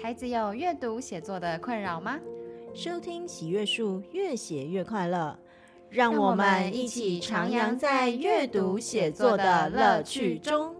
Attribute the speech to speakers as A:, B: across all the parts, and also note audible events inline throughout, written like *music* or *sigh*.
A: 孩子有閱讀寫作的困擾嗎？收聽喜《喜閱樹越寫越快樂》，讓我們一起徜徉在閱讀寫作的樂趣中。趣中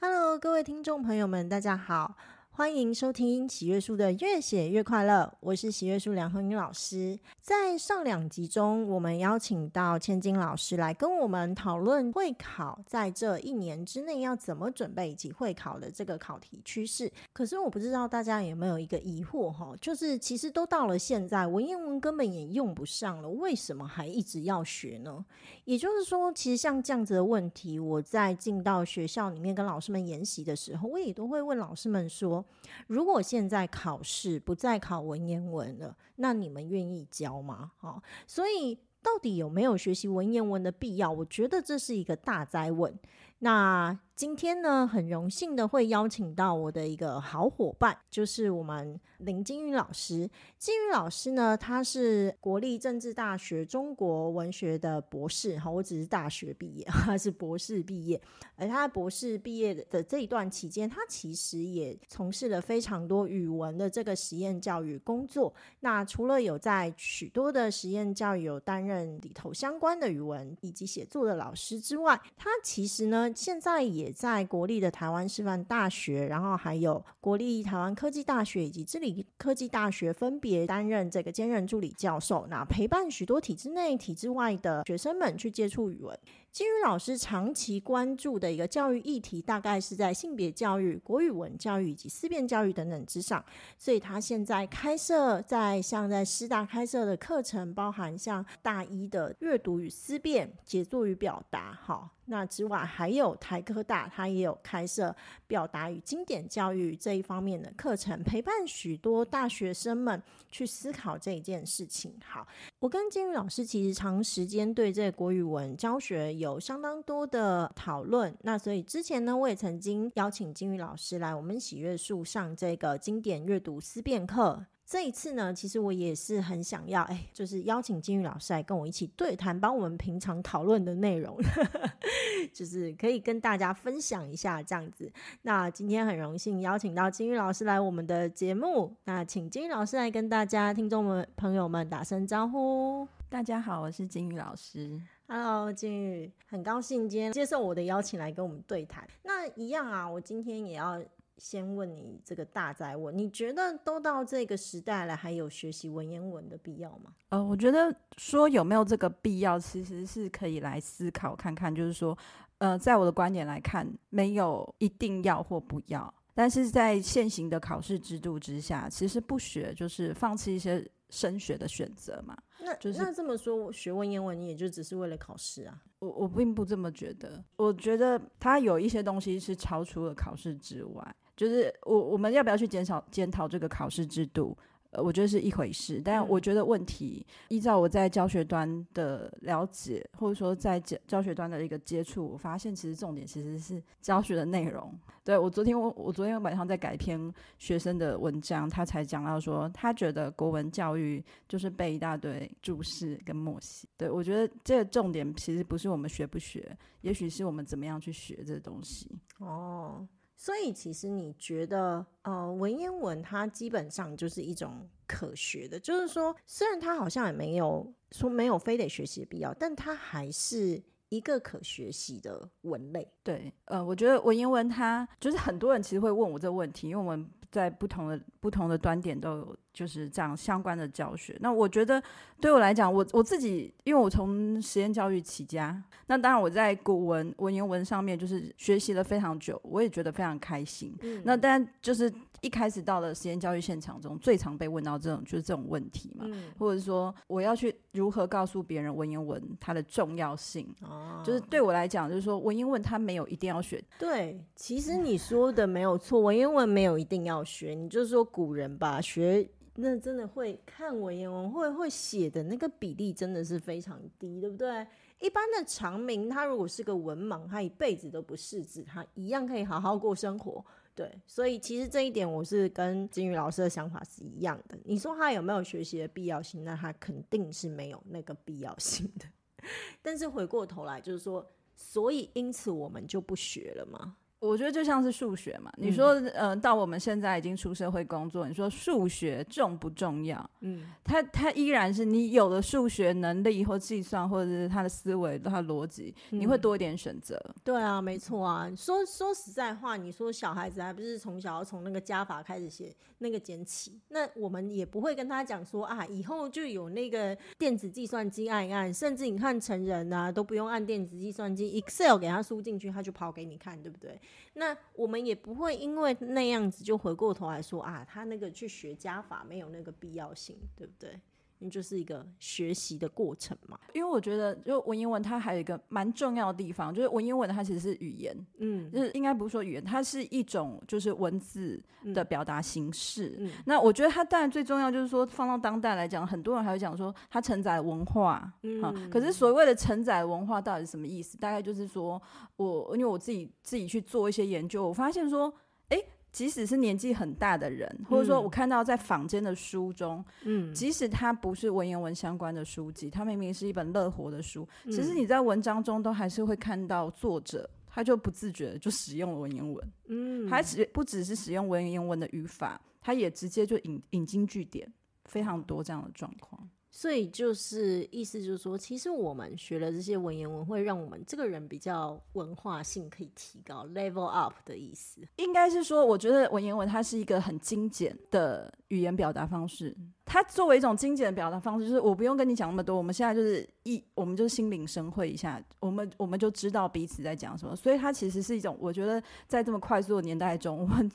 A: Hello，各位聽眾朋友們，大家好。歡迎收聽喜閱樹的越寫越快樂，我是喜閱樹梁虹瑩老師。在上兩集中，我們邀請到千金老師來跟我們討論會考，在這一年之內要怎麼準備以及會考的這個考題趨勢。可是我不知道大家有沒有一個疑惑哈，就是其實都到了現在，文言文根本也用不上了，為什麼還一直要學呢？也就是說，其實像這樣子的問題，我在進到學校裡面跟老師們研習的時候，我也都會問老師們說。如果現在考試不再考文言文了，那你們願意教嗎？哦，所以到底有沒有學習文言文的必要？我覺得這是一個大哉問。那。今天呢，很榮幸的會邀請到我的一個好夥伴，就是我們林津羽老師。津羽老師呢，他是國立政治大學中國文學的博士，哈，我只是大學畢業，他是博士畢業。而他博士畢業的這一段期間，他其實也從事了非常多語文的這個實驗教育工作。那除了有在許多的實驗教育有擔任裡頭相關的語文以及寫作的老師之外，他其實呢，現在也。在國立的臺灣師範大學，然後還有國立臺灣科技大學以及致理科技大學，分別擔任這個兼任助理教授，那陪伴許多體制內、體制外的學生們去接觸語文。津羽老師長期關注的一個教育議題，大概是在性別教育、國語文教育以及思辨教育等等之上，所以他現在開設在像在師大開設的課程，包含像大一的閱讀與思辨、寫作與表達，好，那之外還有台科大，他也有開設表達與經典教育這一方面的課程，陪伴許多大學生們去思考這一件事情。好，我跟津羽老師其實長時間對這國語文教學，有相當多的討論，那所以之前呢，我也曾經邀請津羽老師來我們喜閱樹上這個經典閱讀思辨課。這一次呢，其實我也是很想要，哎，就是邀請津羽老師來跟我一起對談，幫我們平常討論的內容， *laughs* 就是可以跟大家分享一下這樣子。那今天很榮幸邀請到津羽老師來我們的節目，那請津羽老師來跟大家聽眾們朋友們打聲招呼。大家好，我是津羽老師。Hello，津羽，很高興今天接受我的邀請來跟我們對談。那一樣啊，我今天也要先問你這個大哉問，你覺得都到這個時代了，還
B: 有學習文言文的必要嗎？呃，我覺得說有沒有這個必要，其實是可以來思考看看。就是說，呃，在我的觀點來看，沒有一定要或不要。但是在現行的考試制度之下，其實不學就是放棄一些升學的選擇嘛。
A: 那就是那，那這麼說，學文言文，你也就只是為了
B: 考試啊？我我並不這麼覺得，我覺得它有一些東西是超出了考試之外，就是我我們要不要去檢討檢討這個考試制度？呃，我覺得是一回事，但我覺得問題，依照我在教學端的了解，或者說在教教學端的一個接觸，我發現其實重點其實是教學的內容。對，我昨天我我昨天晚上在改一篇學生的文章，他才講到說，他覺得國文教育就是背一大堆註釋跟默寫。對，我覺得這個重點其實不是我們學不學，也許是我們怎麼樣去學這個東西。
A: 哦。所以其實你覺得，呃，文言文它基本上就是一種可學的，就是說，雖然它好像也沒有說沒有非得學習的必要，但它還
B: 是一個可學習的文類。對，呃，我覺得文言文它就是很多人其實會問我這個問題，因為我們。在不同的不同的端點都有就是這樣相關的教學。那我覺得對我來講，我我自己，因為我從實驗教育起家，那當然我在古文文言文上面就是學習了非常久，我也覺得非常開心。嗯、那但就是。一開始到了實驗教育現場中，最常被問到這種就是這種問題嘛，嗯、或者說我要去如何告訴別人文言文它的重要性？哦，就是對我來講，就是說文言文它沒有一定要學。對，其實你
A: 說的沒有錯，文言文沒有一定要學。你就是說古人吧，學那真的會看文言文會會寫的那個比例真的是非常低，對不對？一般的常民，他如果是個文盲，他一輩子都不識字，他一樣可以好好過生活。對，所以其實這一點我是跟津羽老師的想法是一樣的。你說他有沒有學習的必要性？那他肯定是沒有那個必要性的。 *laughs* 但是回過頭來，就是說，所以因此
B: 我們就不學了嗎？我覺得就像是數學嘛，你說，呃，到我們現在已經出社會工作，嗯、你說數學重不重要？嗯，它它依然是你有了數學能力或計算，或者是他的思維、他的邏輯，你會多一點選擇、嗯。
A: 對啊，沒錯啊。說說實在話，你說小孩子還不是從小要從那個加法開始寫那個減起？那我們也不會跟他講說啊，以後就有那個電子計算機按一按，甚至你看成人啊都不用按電子計算機，Excel 給他輸進去，他就跑給你看，對不對？那我們也不會因為那樣子就回過頭來說啊，他那個去學加法沒有那個必要性，對不對？就是一個學習的過程嘛，
B: 因為我覺得就文言文它還有一個蠻重要的地方，就是文言文它其實是語言，嗯，就是應該不是說語言，它是一種就是文字的表達形式。嗯、那我覺得它當然最重要，就是說放到當代來講，很多人還會講說它承載文化，嗯、啊，可是所謂的承載文化到底是什麼意思？大概就是說我因為我自己自己去做一些研究，我發現說，哎。即使是年紀很大的人，或者說我看到在坊間的書中，嗯，即使他不是文言文相關的書籍，他明明是一本樂活的書，其實你在文章中都還是會看到作者，他就不自覺就使用了文言文，嗯，他還只不只是使用文言，言文的語法，他也直接就引引經據典，非常多這樣的狀況。
A: 所以就是意思就是說，其實我們學了這些文言文，會讓我們這個人比較文化性可以提高，level up 的意思。
B: 應該是說，我覺得文言文它是一個很精簡的語言表達方式。它作為一種精簡的表達方式，就是我不用跟你講那麼多，我們現在就是一，我們就心領神會一下，我們我們就知道彼此在講什麼。所以它其實是一種，我覺得在這麼快速的年代中，我們。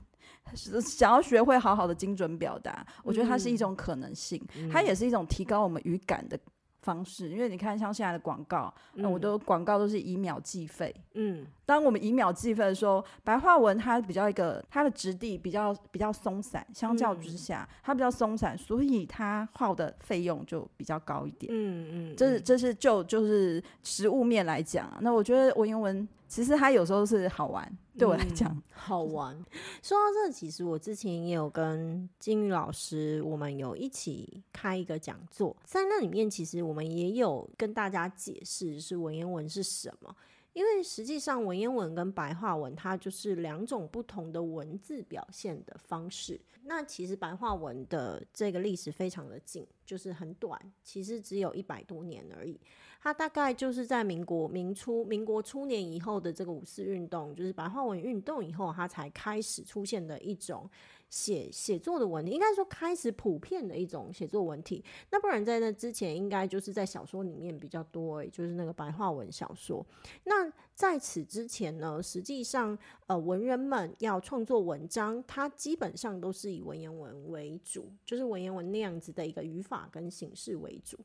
B: 是想要學會好好的精準表達，嗯、我覺得它是一種可能性，嗯、它也是一種提高我們語感的方式。嗯、因為你看，像現在的廣告，那、嗯呃、我都廣告都是以秒計費。嗯，當我們以秒計費的時候，白話文，它比較一個它的質地比較比較鬆散，相較之下，嗯、它比較鬆散，所以它耗的費用就比較高一點。嗯嗯這，這是這是就就是實務面來講啊。那我覺得文言文其實它有時候是好玩。對我來講，嗯，好玩。
A: *laughs* 說到這個，其實我之前也有跟津羽老師，我們有一起開一個講座，在那裡面，其實我們也有跟大家解釋是文言文是什麼。因為實際上，文言文跟白話文它就是兩種不同的文字表現的方式。那其實白話文的這個歷史非常的近，就是很短，其實只有一百多年而已。它大概就是在民國民初、民國初年以後的這個五四運動，就是白話文運動以後，它才開始出現的一種寫寫作的文，應該說，開始普遍的一種寫作文體。那不然在那之前，應該就是在小說裡面比較多誒，就是那個白話文小說。那在此之前呢，實際上，呃，文人們要創作文章，它基本上都是以文言文為主，就是文言文那樣子的一個語法跟形式為主。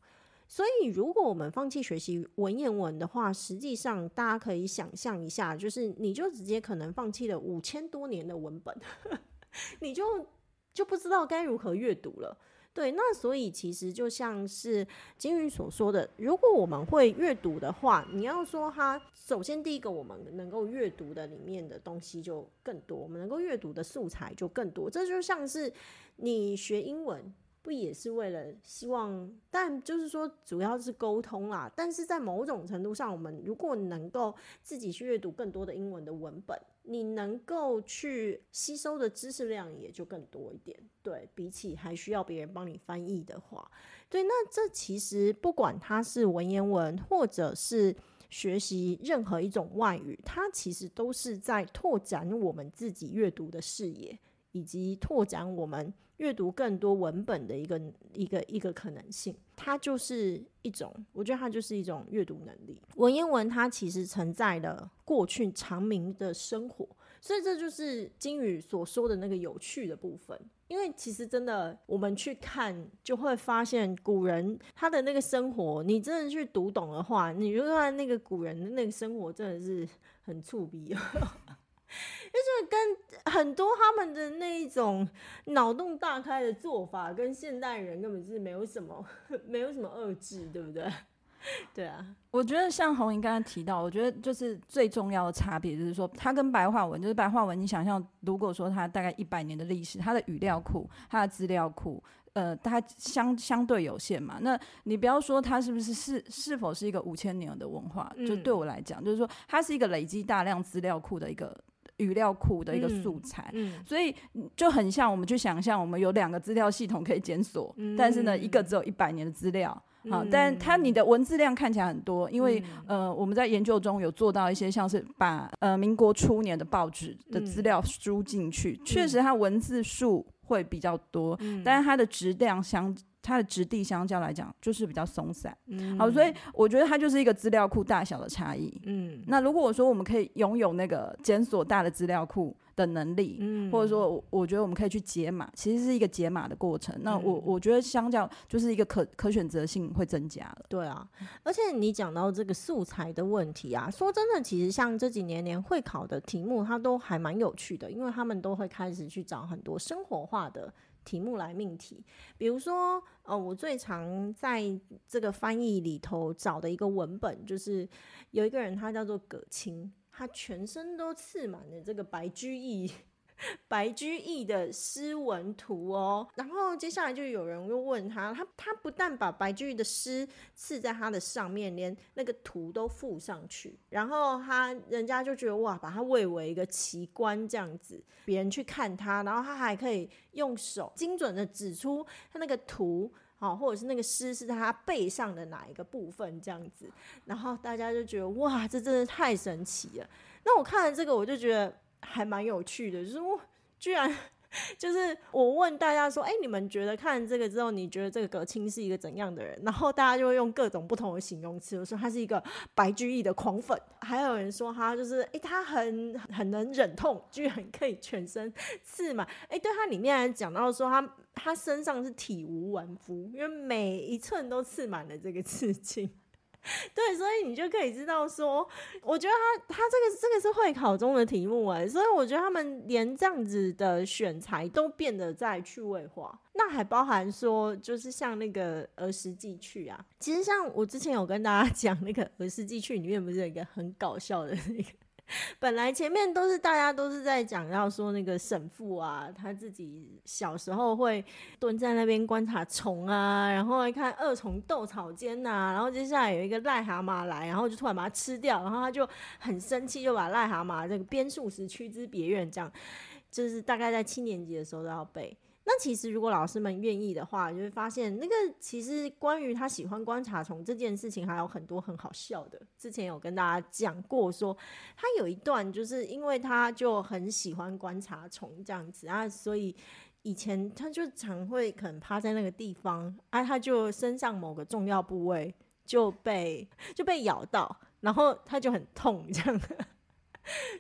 A: 所以，如果我們放棄學習文言文的話，實際上大家可以想象一下，就是你就直接可能放棄了五千多年的文本，呵呵，你就就不知道該如何閱讀了。對，那所以其實就像是津羽所說的，如果我們會閱讀的話，你要說它，首先第一個我們能夠閱讀的裡面的東西就更多，我們能夠閱讀的素材就更多。這就像是你學英文。不也是為了希望？但就是說，主要是溝通啦。但是在某種程度上，我們如果能夠自己去閱讀更多的英文的文本，你能夠去吸收的知識量也就更多一點。對比起還需要別人幫你翻譯的話，對，那這其實不管它是文言文，或者是學習任何一種外語，它其實都是在拓展我們自己閱讀的視野。以及拓展我們閱讀更多文本的一個一個一個可能性，它就是一種，我覺得它就是一種閱讀能力。文言文它其實承載了過去常民的生活，所以這就是津羽所說的那個有趣的部分。因為其實真的，我們去看就會發現古人他的那個生活，你真的去讀懂的話，你就算那個古人的那個生活真的是很粗鄙。 *laughs* 因為跟很多他們的那一種腦洞大開的做法，跟現代人根本是沒有什麼沒有什麼遏制，對不對？
B: *laughs* 對啊，我覺得像虹瑩剛剛提到，我覺得就是最重要的差別，就是說它跟白話文，就是白話文，你想象如果說它大概一百年的歷史，它的語料庫、它的資料庫，呃，它相相對有限嘛。那你不要說它是不是是是否是一個五千年的文化，嗯、就對我來講，就是說它是一個累積大量資料庫的一個。語料庫的一個素材，嗯嗯、所以就很像我們去想象我們有兩個資料系統可以檢索，嗯、但是呢，一個只有一百年的資料啊、嗯，但它你的文字量看起來很多，因為、嗯、呃，我們在研究中有做到一些像是把呃民國初年的報紙的資料輸進去，確、嗯、實它文字數會比較多，嗯、但是它的質量相。它的質地相較來講就是比較鬆散，嗯，好，所以我覺得它就是一個資料庫大小的差異，嗯。那如果我說我們可以擁有那個檢索大的資料庫的能力，嗯，或者說我，我覺得我們可以去解碼，其實是一個解碼的過程。那我我覺得相較就是一個可可選擇性會增加了，對啊。而且你講到這個素
A: 材的問題啊，說真的，其實像這幾年連會考的題目它都還蠻有趣的，因為他們都會開始去找很多生活化的。題目來命題，比如說，哦，我最常在這個翻譯裡頭找的一個文本，就是有一個人，他叫做葛清，他全身都刺滿了這個白居易。E 白居易的詩文圖喔，然後接下來就有人又問他，他他不但把白居易的詩刺在他的上面，連那個圖都附上去，然後他人家就覺得哇，把它蔚為一個奇觀這樣子，別人去看他，然後他還可以用手精準的指出他那個圖喔，或者是那個詩是在他背上的哪一個部分這樣子，然後大家就覺得哇，這真的太神奇了。那我看了這個，我就覺得。還蠻有趣的，就是我居然就是我問大家說，哎、欸，你們覺得看了這個之後，你覺得這個葛青是一個怎樣的人？然後大家就會用各種不同的形容詞，我說他是一個白居易的狂粉，還有人說他就是哎、欸，他很很能忍痛，居然可以全身刺滿。哎、欸，對，他裡面還講到說他他身上是體無完膚，因為每一寸都刺滿了這個刺青。對，所以你就可以知道說，我覺得他他這個這個是會考中的題目哎，所以我覺得他們連這樣子的選材都變得在趣味化，那還包含說就是像那個《兒時記趣》啊，其實像我之前有跟大家講那個《兒時記趣》裡面不是有一個很搞笑的那個。本來前面都是大家都是在講到說那個沈復啊，他自己小時候會蹲在那邊觀察蟲啊，然後一看二蟲鬥草間吶、啊，然後接下來有一個癩蛤蟆來，然後就突然把它吃掉，然後他就很生氣，就把癩蛤蟆這個鞭數十，驅之別院這樣，就是大概在七年級的時候都要背。但其實，如果老師們願意的話，就會發現那個其實關於他喜歡觀察蟲這件事情，還有很多很好笑的。之前有跟大家講過說，說他有一段就是因為他就很喜歡觀察蟲這樣子啊，所以以前他就常會可能趴在那個地方啊，他就身上某個重要部位就被就被咬到，然後他就很痛這樣的。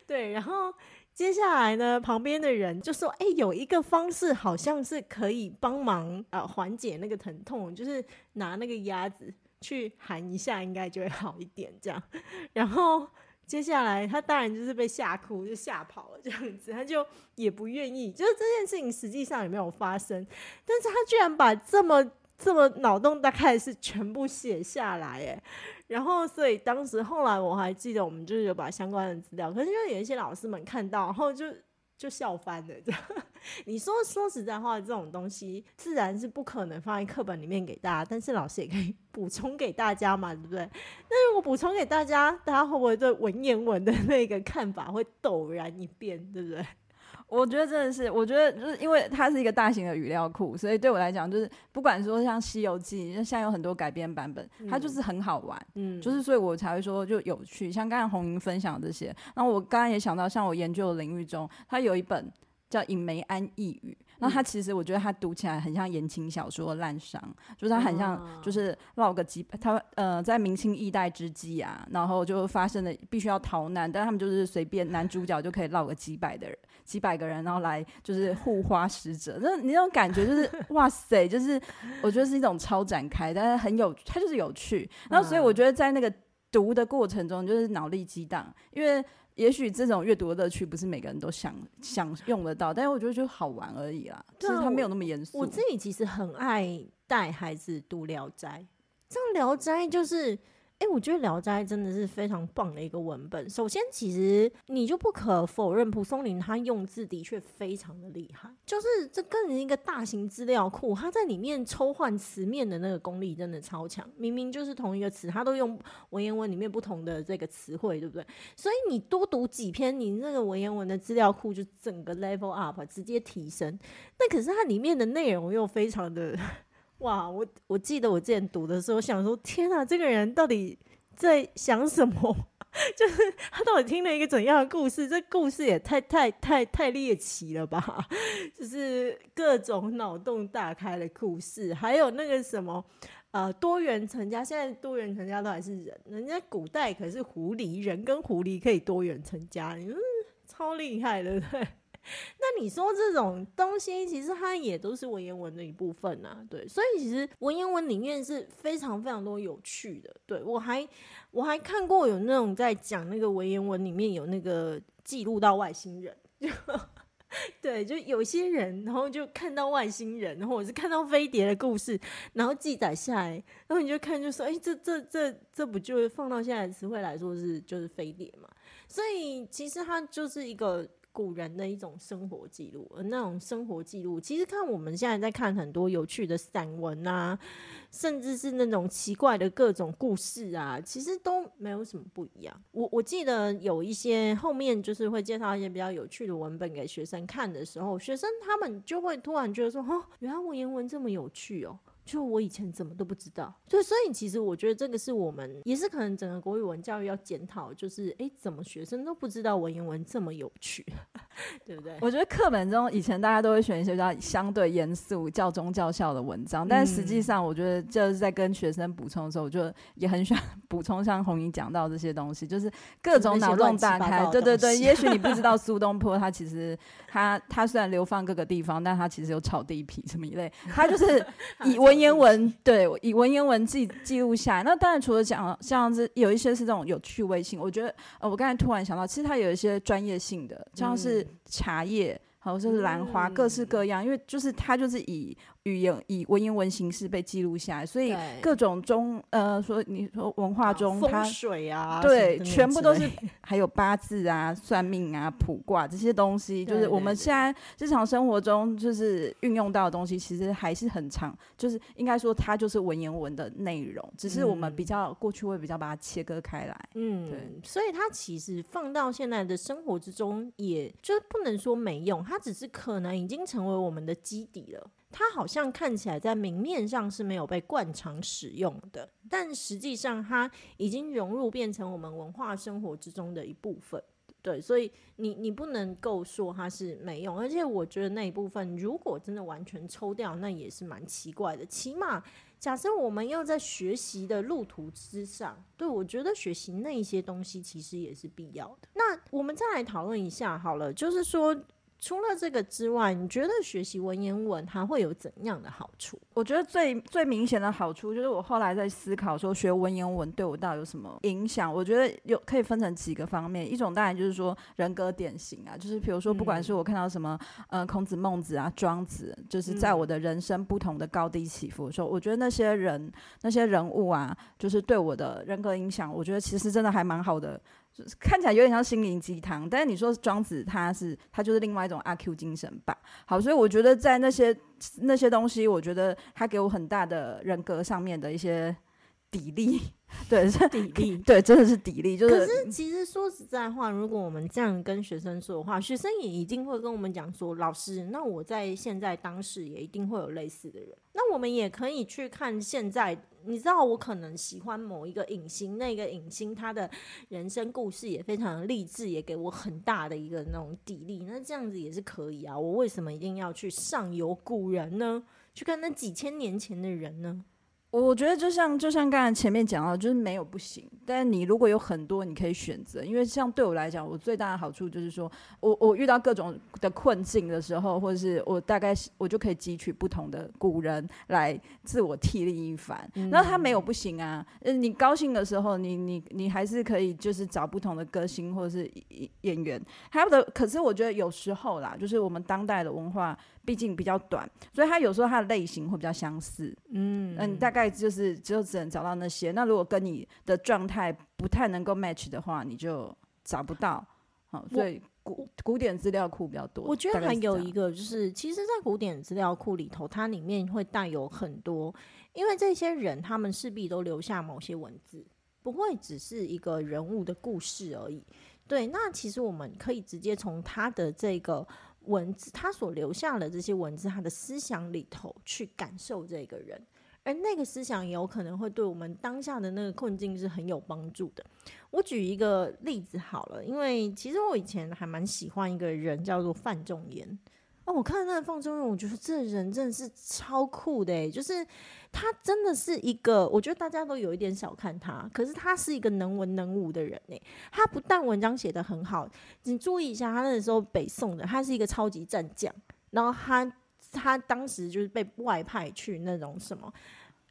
A: 對，然後。接下來呢，旁邊的人就說：“哎，有一個方式好像是可以幫忙啊，緩解那個疼痛，就是拿那個鴨子去喊一下，應該就會好一點這樣。”然後接下來他當然就是被嚇哭，就嚇跑了這樣子，他就也不願意，就是這件事情實際上也沒有發生，但是他居然把這麼。這麼腦洞大概是全部寫下來哎。然後所以當時後來我還記得我們就是有把相關的資料，可是因為有一些老師們看到，然後就就笑翻了，知道你說，說實在話，這種東西自然是不可能放在課本裡面給大家，但是老師也可以補充給大家嘛，對不對？那如果補充給大家，
B: 大家會不會對文言文的那個看法會陡然一變，對不對？我覺得真的是，我覺得就是因為它是一個大型的語料庫，所以對我來講就是，不管說像《西遊記》，像有很多改編版本，它就是很好玩，嗯，嗯就是所以我才會說就有趣。像剛才虹瑩分享這些，那我剛剛也想到，像我研究的領域中，它有一本叫《尹梅安譯語》。嗯、那他其實我覺得他讀起來很像言情小說濫觴，就是他很像就是落個幾百，他呃在明清易代之際啊，然後就發生了必須要逃難，但他們就是隨便男主角就可以落個幾百的人，幾百個人然後來就是護花使者，那你那種感覺就是 *laughs* 哇塞，就是我覺得是一種超展開，但是很有它就是有趣，然後所以我覺得在那個讀的過程中就是腦力激盪，因為。也許這種閱讀的樂趣不是每個人都想享用得到，但是我覺得就好玩而已啦，就是他沒有那麼嚴肅。我，我自
A: 己其實很愛帶孩子讀《聊齋》，這樣《聊齋》就是。誒，我覺得《聊齋》真的是非常棒的一個文本。首先，其實你就不可否認，蒲松齡他用字的確非常的厲害，就是這更是一個大型資料庫，他在裡面抽換詞面的那個功力真的超強。明明就是同一個詞，他都用文言文裡面不同的這個詞彙，對不對？所以你多讀幾篇，你那個文言文的資料庫就整個 level up，直接提升。那可是它裡面的內容又非常的。哇，我我記得我之前讀的時候，我想說天啊，這個人到底在想什麼？就是他到底聽了一個怎樣的故事？這故事也太太太太獵奇了吧？就是各種腦洞大開的故事，還有那個什麼呃，多元成家。現在多元成家都還是人，人家古代可是狐狸，人跟狐狸可以多元成家，嗯，超厲害的。對。那你說這種東西，其實它也都是文言文的一部分啊。對，所以其實文言文裡面是非常非常多有趣的。對我還我還看過有那種在講那個文言文裡面有那個記錄到外星人，就 *laughs* 對，就有些人然後就看到外星人，然後我是看到飛碟的故事，然後記載下來，然後你就看就說，哎，這這這這不就放到現在的詞彙來說是就是飛碟嘛？所以其實它就是一個。古人的一種生活記錄，而那種生活記錄，其實看我們現在在看很多有趣的散文啊，甚至是那種奇怪的各種故事啊，其實都沒有什麼不一樣。我我記得有一些後面就是會介紹一些比較有趣的文本給學生看的時候，學生他們就會突然覺得說：“哦，原來文言文這麼有趣哦。”就我以前怎麼都不知道，就所以其實我覺得這個是我們也是可能整個國語文教育要檢討，就是哎、欸，怎麼學生都不知道文言文這麼有趣， *laughs* 對不對？我
B: 覺得課本中以前大家都會選一些比較相對嚴肅、教忠教孝的文章，但實際上我覺得就是在跟學生補充的時候，我就也很喜歡補充像虹瑩講到這些東西，就是各種腦洞大開。對對對，也許你不知道蘇東坡，他其實他他 *laughs* 雖然流放各個地方，但他其實有炒地皮什麼一類，他就是以文。文言文，對，以文言文自己記錄下來。那當然，除了講這樣子，有一些是這種有趣味性。我覺得，呃，我剛才突然想到，其實它有一些專業性的，像是茶葉，還有就是蘭花，各式各樣。因為就是它就是以。語言以文言文形式被記錄下來，所以各種中呃，說你說文化中，它、啊，風水啊，它啊對，全部都是還有八字啊、算命啊、卜卦這些東西，就是我們現在對對對日常生活中就是運用到的東西，其實還是很常，就是應該說它就是文言文的內容，只是我們比較過去會比較把它切割開來，嗯，對，
A: 所以它其實放到現在的生活之中也，也就是不能說沒用，它只是可能已經成為我們的基底了。它好像看起來在明面上是沒有被慣常使用的，但實際上它已經融入變成我們文化生活之中的一部分。對，所以你你不能夠說它是沒用，而且我覺得那一部分如果真的完全抽掉，那也是蠻奇怪的。起碼假設我們要在學習的路途之上，對，我覺得學習那一些東西其實也是必要的。那我們再來討論一下好了，就是說。除
B: 了這個之外，你覺得學習文言文還會有怎樣的好處？我覺得最最明顯的好處就是，我後來在思考說，學文言文對我到底有什麼影響。我覺得有可以分成幾個方面，一種當然就是說人格典型啊，就是比如說不管是我看到什麼，嗯、呃，孔子、孟子啊、莊子，就是在我的人生不同的高低起伏的時候，嗯、我覺得那些人那些人物啊，就是對我的人格影響，我覺得其實真的還蠻好的。看起來有點像心靈雞湯，但是你說莊子，他是他就是另外一種阿 Q 精神吧。好，所以我覺得在那些那些東西，我覺得他給我很大的人格上面的一些。砥礪，對，是砥礪，對，真的是砥礪。就是，可是
A: 其實說實在話，如果我們這樣跟學生說的話，學生也一定會跟我們講說，老師，那我在現在當時也一定會有類似的人。那我們也可以去看現在，你知道我可能喜歡某一個影星，那個影星他的人生故事也非常勵志，也給我很大的一個那種砥礪。那這樣子也是可以啊。我為什麼一定要去尚友古人呢？去看那幾千年前的人
B: 呢？我覺得就像就像剛才前面講到的，就是沒有不行。但是你如果有很多，你可以選擇，因為像對我來講，我最大的好處就是說，我我遇到各種的困境的時候，或者是我大概我就可以汲取不同的古人來自我惕厲一番。嗯、那他沒有不行啊，你高興的時候你，你你你還是可以就是找不同的歌星或者是演員，還有的。可是我覺得有時候啦，就是我們當代的文化，畢竟比較短，所以他有時候他的類型會比較相似，嗯嗯，你大概就是就只能找到那些。那如果跟你的狀態不太能夠 match 的話，你就找不到。好、哦，所以古古典資料庫比較多。我覺得還有一個就是，是
A: 其實，在古典資料庫裡頭，它裡面會帶有很多，因為這些人他們勢必都留下某些文字，不會只是一個人物的故事而已。對，那其實我們可以直接從他的這個。文字，他所留下的這些文字，他的思想裡頭去感受這個人，而那個思想有可能會對我們當下的那個困境是很有幫助的。我舉一個例子好了，因為其實我以前還蠻喜歡一個人，叫做范仲淹。哦，我看到那個范仲淹，我覺得這人真的是超酷的誒，就是他真的是一個，我覺得大家都有一點小看他，可是他是一個能文能武的人誒。他不但文章寫得很好，你注意一下，他那個時候北宋的，他是一個超級戰將。然後他他當時就是被外派去那種什麼，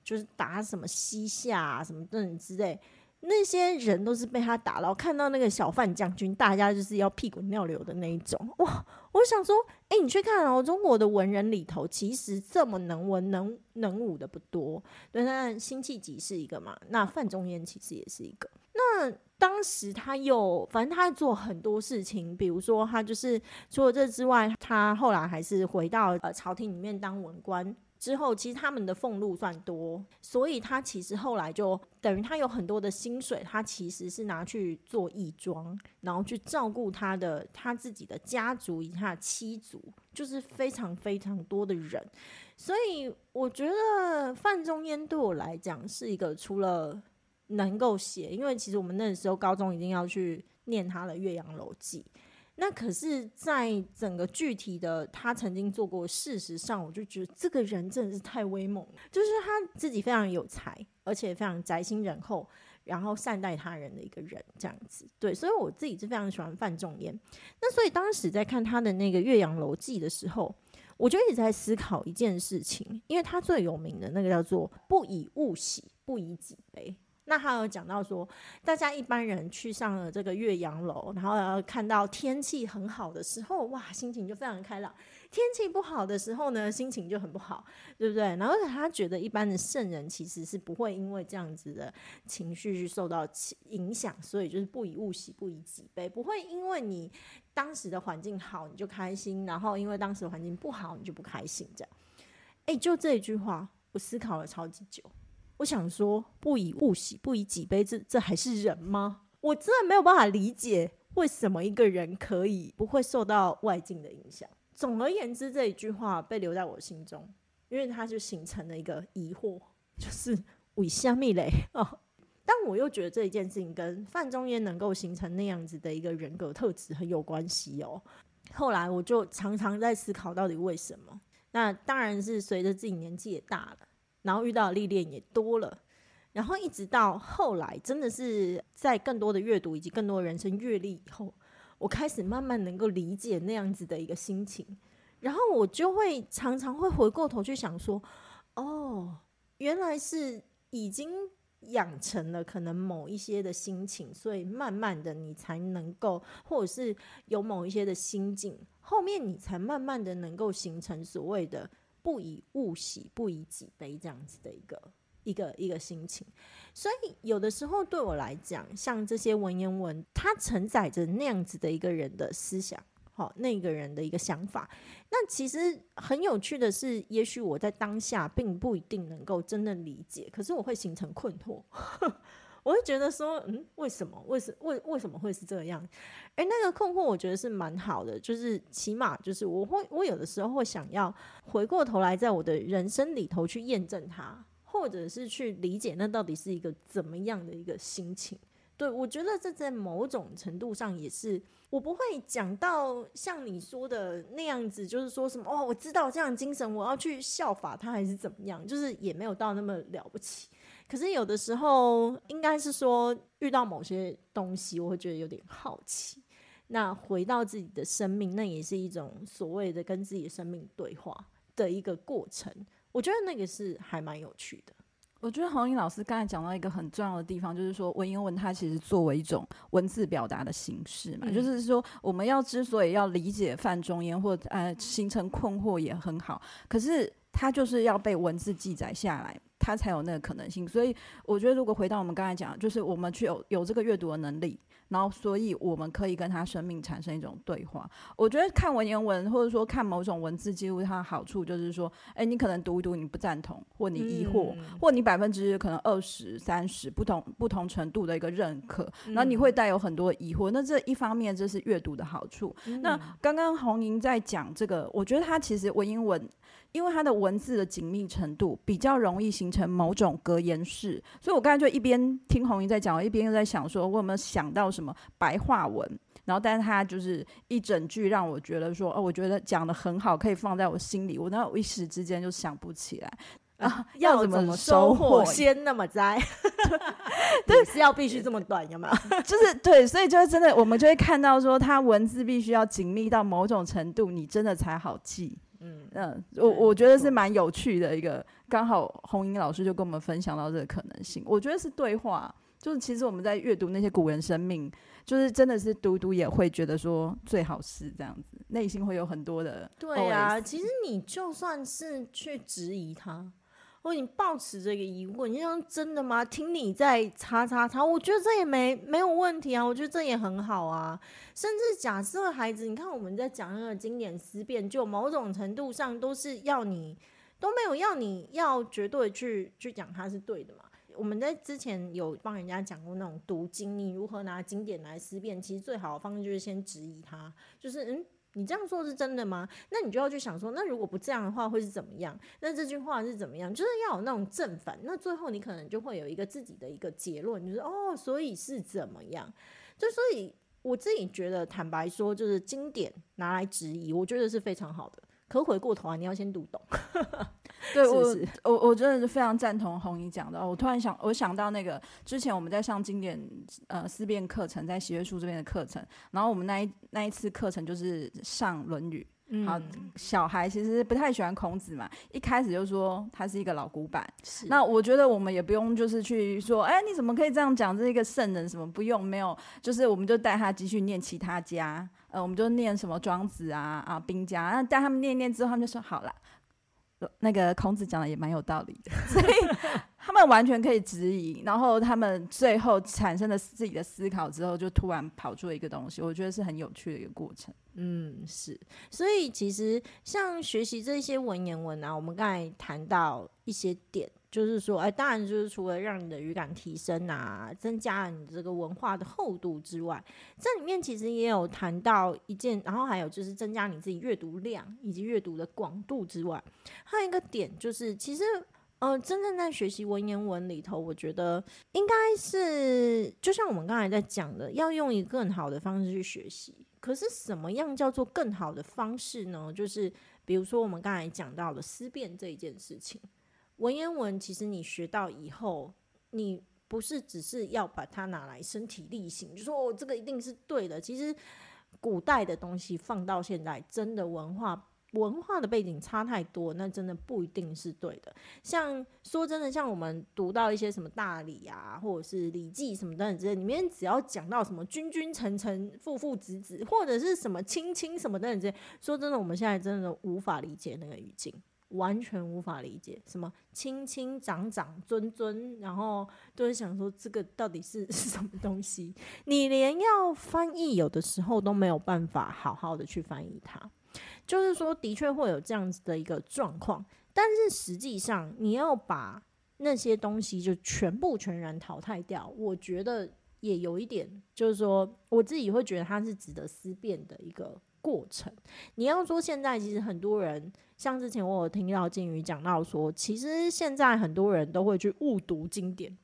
A: 就是打什麼西夏啊，什麼這種之類。那些人都是被他打了，看到那個小范將軍，大家就是要屁滾尿流的那一種。哇，我想說，哎，你去看哦，中國的文人裡頭，其實這麼能文能能武的不多。對，那辛棄疾是一個嘛？那范仲淹其實也是一個。那當時他又，反正他做很多事情，比如說他就是除了這之外，他後來還是回到呃朝廷裡面當文官。之後，其實他們的俸祿算多，所以他其實後來就等於他有很多的薪水，他其實是拿去做義莊，然後去照顧他的他自己的家族以及他的妻族，就是非常非常多的人。所以我覺得范仲淹對我來講是一個除了能夠寫，因為其實我們那個時候高中一定要去念他的《岳陽樓記》。那可是，在整個具體的他曾經做過，事實上，我就覺得這個人真的是太威猛了，就是他自己非常有才，而且非常宅心仁厚，然後善待他人的一個人，這樣子。對，所以我自己是非常喜歡范仲淹。那所以當時在看他的那個《岳陽樓記》的時候，我就一直在思考一件事情，因為他最有名的那個叫做“不以物喜，不以己悲”。那他有講到說，大家一般人去上了這個岳陽樓，然後看到天氣很好的時候，哇，心情就非常的開朗；天氣不好的時候呢，心情就很不好，對不對？然後他覺得一般的聖人其實是不會因為這樣子的情緒去受到其影響，所以就是不以物喜，不以己悲，不會因為你當時的環境好你就開心，然後因為當時的環境不好你就不開心這樣。哎、欸，就這一句話，我思考了超級久。我想說，不以物喜，不以己悲，這這還是人嗎？我真的沒有辦法理解，為什麼一個人可以不會受到外境的影響。總而言之，這一句話被留在我心中，因為它就形成了一個疑惑，就是為蝦米咧哦，但我又覺得這一件事情跟范仲淹能夠形成那樣子的一個人格特質很有關係哦。後來我就常常在思考，到底為什麼？那當然是隨着自己年紀也大了。然後遇到歷練也多了，然後一直到後來，真的是在更多的閱讀以及更多的人生閱歷以後，我開始慢慢能夠理解那樣子的一個心情，然後我就會常常會回過頭去想說，哦，原來是已經養成了可能某一些的心情，所以慢慢的你才能夠，或者是有某一些的心境，後面你才慢慢的能夠形成所謂的。不以物喜，不以己悲，這樣子的一個一個一個心情。所以有的時候對我來講，像這些文言文，它承載着那樣子的一個人的思想，好、哦，那個人的一個想法。那其實很有趣的是，也許我在當下並不一定能夠真正理解，可是我會形成困惑。我會覺得說，嗯，為什麼？為什為為什麼會是這樣？哎，那個困惑，我覺得是蠻好的，就是起碼就是我會，我有的時候會想要回過頭來，在我的人生裡頭去驗證它，或者是去理解那到底是一個怎麼樣的一個心情。對，我覺得這在某種程度上也是，我不會講到像你說的那樣子，就是說什麼哦，我知道這樣的精神，我要去效法他，還是怎麼樣？就是也沒有到那麼了不起。可是有的時候，應該是說遇到某些東西，我會覺得有點好奇。那回到自己的生命，那也是一種所謂的跟自己的生命對話的一個過程。我覺得那個是還蠻有趣的。
B: 我覺得虹瑩老師剛才講到一個很重要的地方，就是說文言文它其實作為一種文字表達的形式嘛，嗯、就是說我們要之所以要理解范仲淹，或者呃形成困惑也很好，可是它就是要被文字記載下來。他才有那個可能性，所以我覺得，如果回到我們剛才講，就是我們去有有這個閱讀的能力，然後所以我們可以跟他生命產生一種對話。我覺得看文言文或者說看某種文字記錄，它的好處就是說，誒、欸，你可能讀一讀，你不贊同，或你疑惑，嗯、或你百分之可能二十三十不同不同程度的一個認可，然後你會帶有很多疑惑。嗯、那這一方面這是閱讀的好處。嗯、那剛剛虹瑩在講這個，我覺得他其實文言文。因為它的文字的緊密程度比較容易形成某種格言式，所以我剛才就一邊聽虹瑩在講，一邊又在想說，我有沒有想到什麼白話文？然後，但是他就是一整句，讓我覺得說，哦，我覺得講得很好，可以放在我心裡。我那我一時之間就想不起來啊、嗯，要怎麼收穫？、嗯、要怎麼收穫，先
A: 那麼栽？ *laughs* *laughs* 對，是要必須這麼短，有沒
B: 有？ *laughs* 就是對，所以就是真的，我們就會看到說，它文字必須要緊密到某種程度，你真的才好記。嗯嗯，嗯對我我覺得是蠻有趣的一個，對剛好虹瑩老師就跟我們分享到這個可能性。我覺得是對話，就是其實我們在閱讀那些古人生命，就是真的是讀讀也會覺得說，最好是這樣子，內心會有很多的、OS。對啊，其
A: 實你就算是去質疑他。或者你抱持這個疑問，你講真的嗎？聽你在擦擦擦，我覺得這也沒沒有問題啊，我覺得這也很好啊。甚至假設孩子，你看我們在講那個經典思辨，就某種程度上都是要你都沒有要你要絕對去去講它是對的嘛。我們在之前有幫人家講過那種讀經，你如何拿經典來思辨，其實最好的方式就是先質疑它，就是嗯。你這樣做是真的嗎？那你就要去想說，那如果不這樣的話會是怎麼樣？那這句話是怎麼樣？就是要有那種正反。那最後你可能就會有一個自己的一個結論，你、就、說、是、哦，所以是怎麼樣？就所以我自己覺得，坦白說，就是經典拿來質疑，我覺得是非常
B: 好的。可回過頭啊，你要先讀懂。 *laughs* 對是是我，我我真的非常贊同虹瑩講的。我突然想，我想到那個之前我們在上經典呃思辨課程，在喜閱樹這邊的課程，然後我們那一那一次課程就是上《論語》嗯。好、啊，小孩其實不太喜歡孔子嘛，一開始就說他是一個老古板。是那我覺得我們也不用就是去說，哎，你怎麼可以這樣講？這是一個聖人，什麼不用沒有，就是我們就帶他繼續念其他家，呃，我們就念什麼莊子啊啊兵家，那帶他們念一念之後，他們就說好了。那個孔子講的也蠻有道理的， *laughs* 所以。那完全可以質疑，然後他們最後產生了自己的思考之後，就突然跑出了一個東西，我覺得是很有趣的一個過程。嗯，是。所以其實
A: 像學習這些文言文啊，我們剛才談到一些點，就是說，哎、欸，當然就是除了讓你的語感提升啊，增加了你這個文化的厚度之外，這裡面其實也有談到一件，然後還有就是增加你自己閱讀量以及閱讀的廣度之外，還有一個點就是其實。呃，真正在學習文言文裡頭，我覺得應該是就像我們剛才在講的，要用一個更好的方式去學習。可是什麼樣叫做更好的方式呢？就是比如說我們剛才講到的思辨這一件事情。文言文其實你學到以後，你不是只是要把它拿來身體力行，就說哦這個一定是對的。其實古代的東西放到現在，真的文化。文化的背景差太多，那真的不一定是對的。像說真的，像我們讀到一些什麼《大禮》啊，或者是《禮記》什麼等等，這裡面只要講到什麼均均成成“君君臣臣，父父子子”，或者是什麼“親親”什麼等等這些，說真的，我們現在真的無法理解那個語境，完全無法理解什麼“親親長長尊尊”，然後都是想說這個到底是是什麼東西？你連要翻譯，有的時候都沒有辦法好好的去翻譯它。就是說，的確會有這樣子的一個狀況，但是實際上，你要把那些東西就全部全然淘汰掉，我覺得也有一點，就是說，我自己會覺得它是值得思辨的一個過程。你要說現在其實很多人，像之前我有聽到津羽講到說，其實現在很多人都
B: 會去誤讀經
A: 典、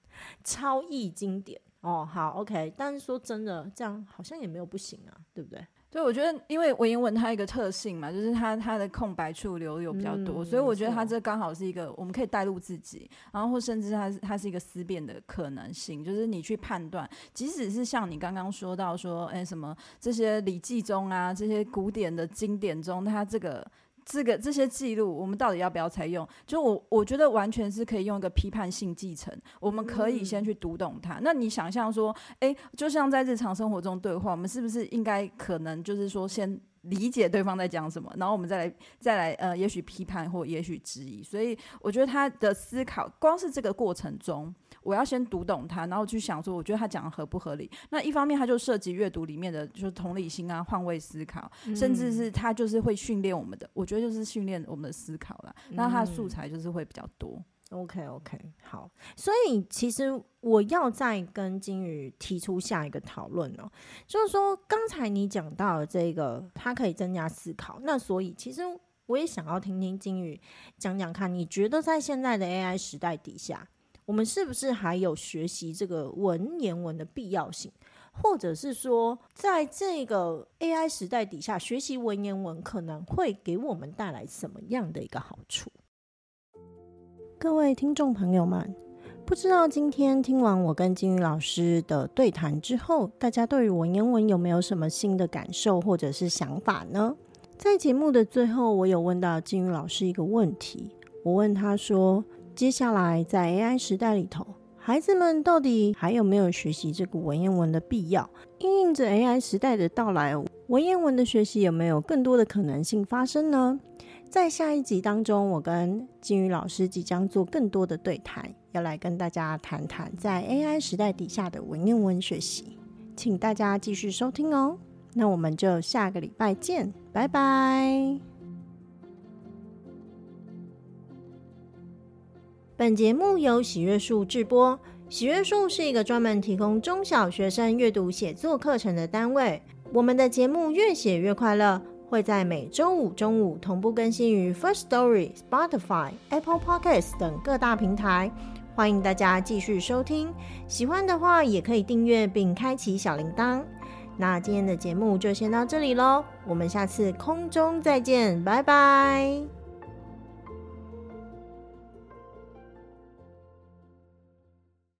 A: 超譯經典。哦，好，OK，但是說真的，這樣好像也沒有不行啊，對不對？
B: 所以我覺得，因為文言文它一個特性嘛，就是它它的空白處留有比較多，嗯、所以我覺得它這剛好是一個我們可以帶入自己，是然後甚至它它是一個思辨的可能性，就是你去判斷，即使是像你剛剛說到說，誒什麼這些《禮記》中啊，這些古典的經典中，它這個。這個這些記錄，我們到底要不要採用？就我我覺得，完全是可以用一個批判性繼承。我們可以先去讀懂它。嗯。那你想象說，誒，就像在日常生活中對話，我們是不是應該可能就是說先。理解對方在講什麼，然後我們再來再來呃，也許批判或也許質疑。所以我覺得他的思考，光是這個過程中，我要先讀懂他，然後去想說，我覺得他講的合不合理。那一方面，他就涉及閱讀裡面的，就是同理心啊、換位思考，嗯、甚至是他就是會訓練我們的。我覺得就是訓練我們的思考啦。那他的素材就是會比較多。OK，OK，okay, okay,、嗯、
A: 好。所以其實我要再跟津羽提出下一個討論哦，就是說剛才你講到的這個，它可以增加思考。那所以其實我也想要聽聽津羽講講看，你覺得在現在的 AI 時代底下，我們是不是還有學習這個文言文的必要性？或者是說，在這個 AI 時代底下，學習文言文可能會給我們帶來什麼樣的一個好處？各位聽眾朋友們，不知道今天聽完我跟津羽老師的對談之後，大家對於文言文有沒有什麼新的感受或者是想法呢？在節目的最後，我有問到津羽老師一個問題，我問他說：“接下來在 AI 時代裡頭，孩子們到底還有沒有學習這個文言文的必要？因應著 AI 時代的到來，文言文的學習有沒有更多的可能性發生呢？”在下一集當中，我跟津羽老師即將做更多的對談，要來跟大家談談在 AI 時代底下的文言文學習，請大家繼續收聽哦、喔。那我們就下個禮拜見，拜拜。本節目由喜閱樹制播，喜閱樹是一個專門提供中小學生閱讀寫作課程的單位。我們的節目越寫越快樂。會在每週五中午同步更新於 First Story、Spotify、Apple Podcasts 等各大平台，歡迎大家繼續收聽。喜歡的話也可以訂閱並開啟小鈴鐺。那今天的節目就先到這裡嘍，我們下次空中再見，拜
B: 拜。